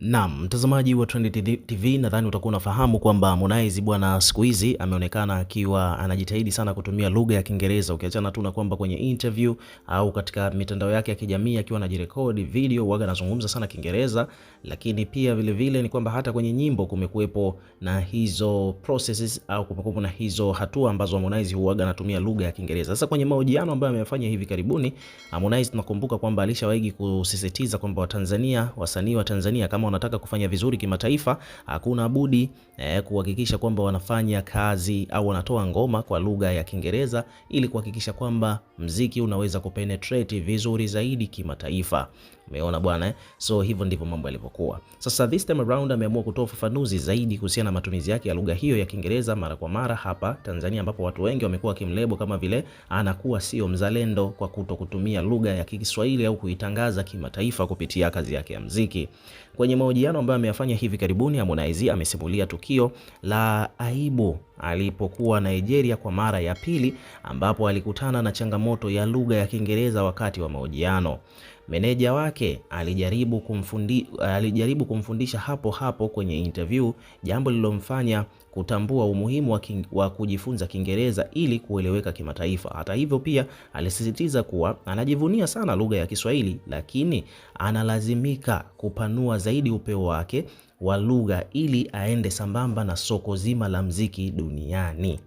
Naam, mtazamaji wa Trend TV, nadhani utakuwa unafahamu kwamba Harmonize bwana siku hizi ameonekana akiwa anajitahidi sana kutumia lugha ya Kiingereza, ukiachana tu na kwamba kwenye interview au katika mitandao yake ya kijamii akiwa anajirekodi video huaga anazungumza sana Kiingereza, lakini pia vile vile ni kwamba hata kwenye nyimbo kumekuwepo na hizo processes au kumekuwepo na hizo hatua ambazo Harmonize huaga anatumia lugha ya Kiingereza. Sasa kwenye mahojiano ambayo ameyafanya hivi karibuni, Harmonize tunakumbuka kwamba alishawahi kusisitiza kwamba Watanzania, wasanii wa Tanzania kama wanataka kufanya vizuri kimataifa, hakuna budi eh, kuhakikisha kwamba wanafanya kazi au wanatoa ngoma kwa lugha ya Kiingereza ili kuhakikisha kwamba mziki unaweza kupenetrate vizuri zaidi kimataifa. Umeona bwana eh? So hivyo ndivyo mambo yalivyokuwa. Sasa this time around ameamua kutoa ufafanuzi zaidi kuhusiana na matumizi yake ya lugha hiyo ya Kiingereza mara kwa mara hapa Tanzania, ambapo watu wengi wamekuwa wakimlebo kama vile anakuwa sio mzalendo kwa kuto kutumia lugha ya Kiswahili au kuitangaza kimataifa kupitia kazi yake ya mziki. Kwenye mahojiano ambayo ameyafanya hivi karibuni, Harmonize amesimulia tukio la aibu alipokuwa Nigeria kwa mara ya pili ambapo alikutana na changamoto ya lugha ya Kiingereza wakati wa mahojiano. Meneja wake alijaribu kumfundi, alijaribu kumfundisha hapo hapo kwenye interview, jambo lilomfanya kutambua umuhimu wa, king, wa kujifunza Kiingereza ili kueleweka kimataifa. Hata hivyo, pia alisisitiza kuwa anajivunia sana lugha ya Kiswahili, lakini analazimika kupanua zaidi upeo wake wa lugha ili aende sambamba na soko zima la mziki duniani.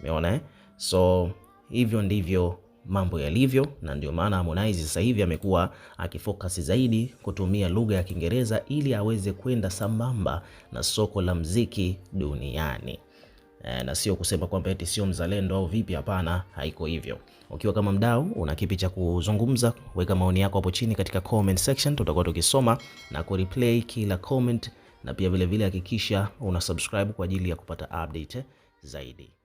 Umeona eh? So hivyo ndivyo mambo yalivyo, na ndio maana Harmonize sasa hivi amekuwa akifocus zaidi kutumia lugha ya Kiingereza ili aweze kwenda sambamba na soko la mziki duniani. E, na sio kusema kwamba eti sio mzalendo au vipi. Hapana, haiko hivyo. Ukiwa kama mdau, una kipi cha kuzungumza, weka maoni yako hapo chini katika comment section. Tutakuwa tukisoma na kureplay kila comment na pia vilevile hakikisha una subscribe kwa ajili ya kupata update zaidi.